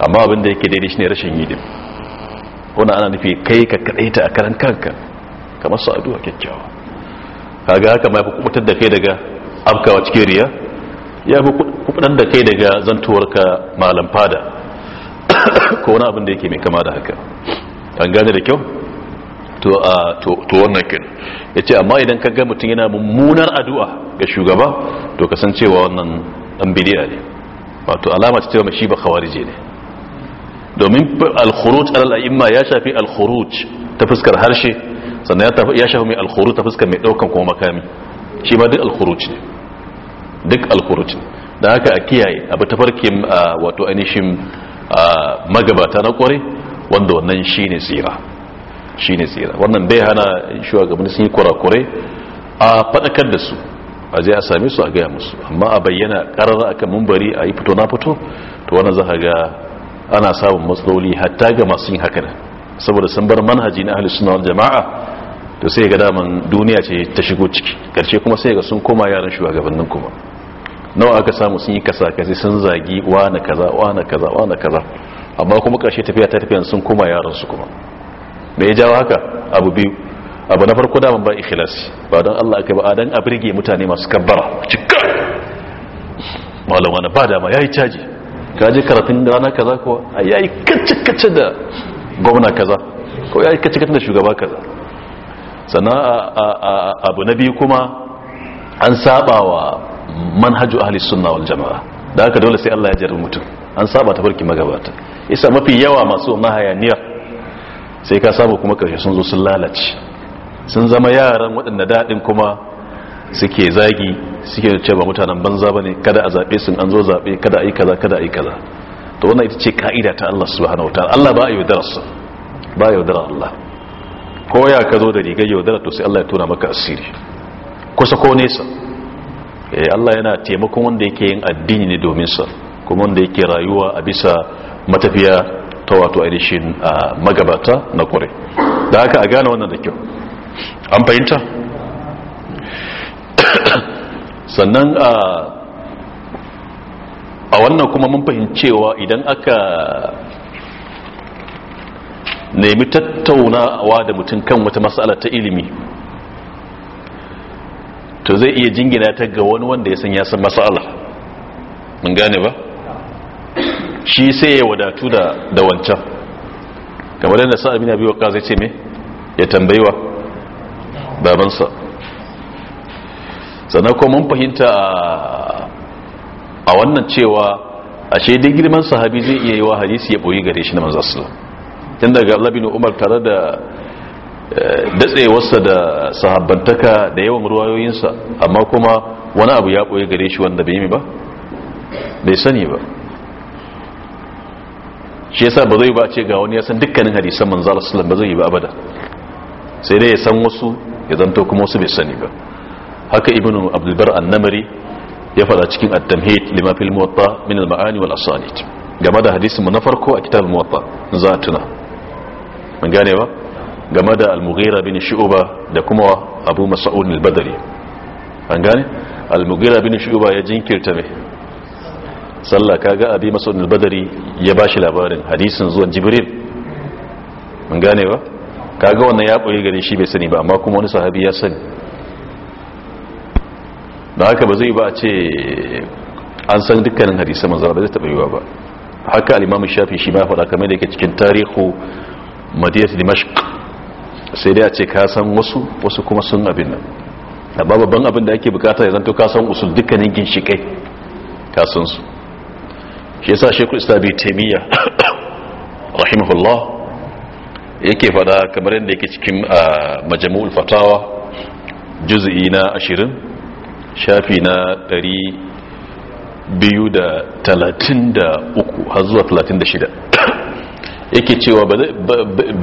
amma abin da yake daidai shine rashin yi din wannan ana nufi kai ka kadaita a karan kanka kamar su addu'a kyakkyawa kaga haka mai fi kubutar da kai daga afkawa cikin riya ya fi kubutar da kai daga zantuwar ka malam fada ko wani abin da yake mai kama da haka an gane da kyau to a wannan kin yace amma idan ka ga mutun yana mummunar addu'a ga shugaba to kasancewa wannan dan bidiya ne wato alama ce cewa shi ba khawarije ne domin al-khuruj al-a'imma ya shafi al-khuruj ta fuskar harshe sannan ya shafi mai al-khuruj ta fuskar mai daukan kuma makami shi ma duk al-khuruj ne duk al-khuruj ne da haka a kiyaye abu ta farkin wato ainihin magabata na kware wanda wannan shine tsira shine tsira wannan bai hana shugabanni sun yi kurakure a fadakar da su a zai a same su a gaya musu amma a bayyana karara akan mumbari a yi fito na fito to wannan za ga ana samun matsaloli hatta ga masu yin haka saboda sun bar manhaji na ahli suna jama'a to sai ga daman duniya ce ta shigo ciki karshe kuma sai ga sun koma yaran shugabannin kuma nawa aka samu sun yi kasa sun zagi wa na kaza wa na kaza wa na kaza amma kuma karshe tafiya ta tafiya sun koma yaran su kuma me ya jawo haka abu biyu abu na farko daman ba ikhlasi ba don Allah aka ba dan a birge mutane masu kabbara cikka malama na ba dama yayi caji ka je karatun rana kaza ko a yayi kacce-kacce da gwamna kaza ko yayi kacce-kacce da shugaba kaza sannan abu na biyu kuma an saba wa manhajo ahli sunna wal jama'a da haka dole sai Allah ya jarin mutum an saba ta farki magabata isa mafi yawa masu mahayaniya sai ka saba kuma karshe sun zo sun lalace sun zama yaran waɗanda daɗin kuma suke zagi suke ce ba mutanen banza ba ne kada a zaɓe sun an zo zaɓe kada a yi kaza kada a yi kaza to wannan ita ce ka'ida ta Allah subhanahu wa ta'ala Allah ba a yaudara su ba a yaudara Allah ko ya ka zo da rigar yaudara to sai Allah ya tona maka asiri kusa ko nesa eh Allah yana taimakon wanda yake yin addini ne domin sa kuma wanda yake rayuwa a bisa matafiya ta wato ainihin ah, magabata na kure da haka a gane wannan da kyau an fahimta sannan a wannan kuma mun fahimcewa idan aka nemi tattaunawa da mutum kan wata matsala ta ilimi to zai iya jingina ta ga wani wanda ya san ya san matsala mun gane ba shi sai ya wadatu da wancan kamar yadda sa'ad bin abi waqas ya ce me ya tambayiwa babansa sannan kuma mun fahimta a wannan cewa ashe dai girman sahabi zai iya yi wa hadisi ya boye gare shi na manzo sallallahu tun daga labin Umar tare da eh, datsewarsa da sahabbantaka da yawan ruwayoyinsa amma kuma wani abu ya boye gare shi wanda bai yi ba bai sani ba shi yasa ba zai ba ce ga wani ya san dukkanin hadisan manzo sallallahu ba zai yi ba abada sai dai ya san wasu ya zanto kuma wasu bai sani ba haka Ibn abdulbar annamari ya fada cikin at-tamhid lima fil muwatta min al-ma'ani wal asanid game da hadisin mu na farko a kitab muwatta za tuna mun gane ba game da al-mughira bin shu'ba da kuma abu mas'ud al-badri an gane al-mughira bin shu'ba ya jinkirta me sallah kaga abi mas'ud al-badri ya bashi labarin hadisin zuwan jibril mun gane ba kaga wannan ya koyi gare shi bai sani ba amma kuma wani sahabi ya sani da haka ba zai ba a ce an san dukkanin hadisai manzara ba zai taɓa yiwa ba haka alimamu shafi shi ma faɗa kamar da yake cikin tarihu madiyat dimashq sai dai a ce ka san wasu wasu kuma sun abin nan amma babban abin da ake bukata ya zanto ka san usul dukkanin ginshikai ka san su shi yasa shekul islami taimiyya rahimahullah yake faɗa kamar yadda yake cikin ah, majamu'ul fatawa juz'i na ashirin shafi na 233 har zuwa 36 yake cewa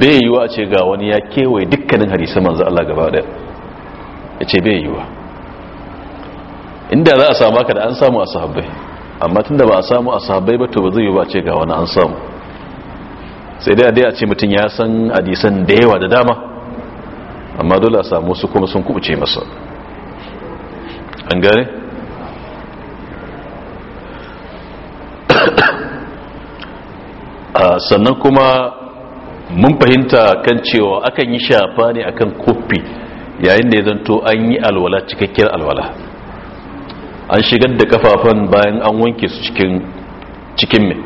bai yiwa ce ga wani ya kewaye dukkanin hadisan manzo Allah gaba daya ce bai yiwa inda za a samu haka da an samu a sahabai amma tunda ba a samu a sahabai ba to ba zai yi yiwa ce ga wani an samu sai dai a dai a ce mutum ya san hadisan da yawa da dama amma dole a samu su kuma sun kubuce masa an gane ah, sannan kuma mun fahimta kan cewa akan yi shafa ne akan kofi yayin da ya zanto an yi alwala cikakkiyar alwala an shigar da kafafan bayan an wanke su cikin cikin mai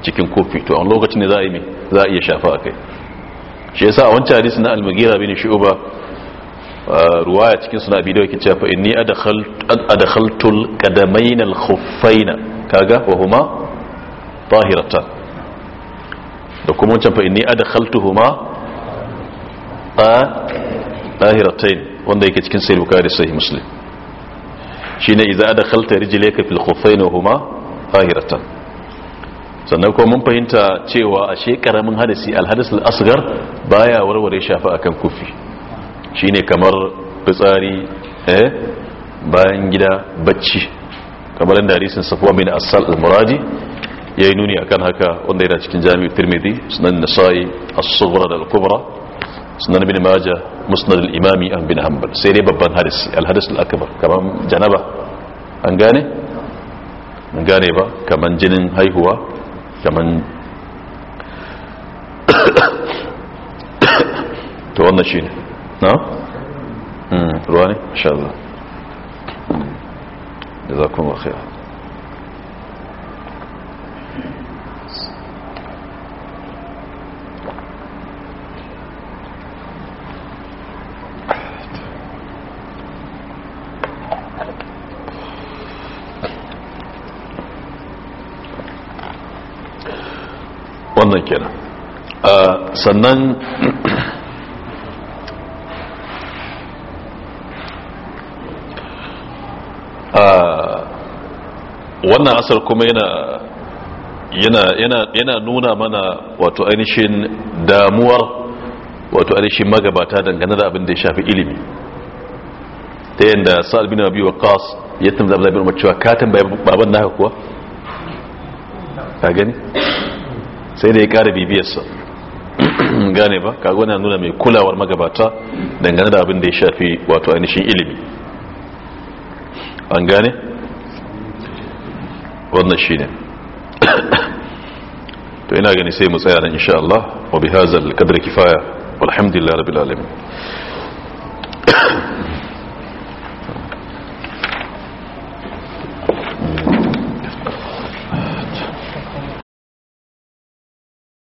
cikin kofi to an lokacin ne za a yi me za a iya shafa a kai shi yasa a wancan hadisi na almagira bin shi'uba ruwaya cikin suna bidiyo da yake cewa inni adkhaltul qadamayn al-khuffayn kaga wa huma tahiratan da kuma wancan fa inni adkhaltuhuma tahiratayn wanda yake cikin sahih bukhari sahih muslim shine idza adkhalta rijlayka fil khuffayn wa huma tahiratan sannan kuma mun fahimta cewa ashe karamin hadisi al-hadis al-asghar baya warware shafa akan kufi Shi ne kamar fitsari eh bayan gida bacci kamar da hadisin safuwa na asal al-muradi yi nuni akan haka wanda yana cikin jami'ar tirmidhi sunan nasa'i as-sughra da al-kubra sunan bin maja musnad al-imami an bin hanbal sai dai babban hadisi al-hadis al-akbar kamar janaba an gane an gane ba kamar jinin haihuwa kamar to wannan shine na? Hmm, ruwa ne? sha'adar da za kuma khiyar wannan kenan ah, sannan wannan asar kuma yana yana yana nuna mana wato ainihin damuwar wato ainihin magabata dangane da abin da ya shafi ilimi ta yadda sa'ad bin abi waqas ya tambaya Abdullah bin mutuwa cewa ka tambaye baban naka kuwa ka gani sai da ya kare bibiyar sa gane ba kaga wannan nuna mai kulawar magabata dangane da abin da ya shafi wato ainihin ilimi an gane wannan shine to ina gani sai mu tsaya nan insha Allah wa bihazal kadri kifaya walhamdulillahi rabbil alamin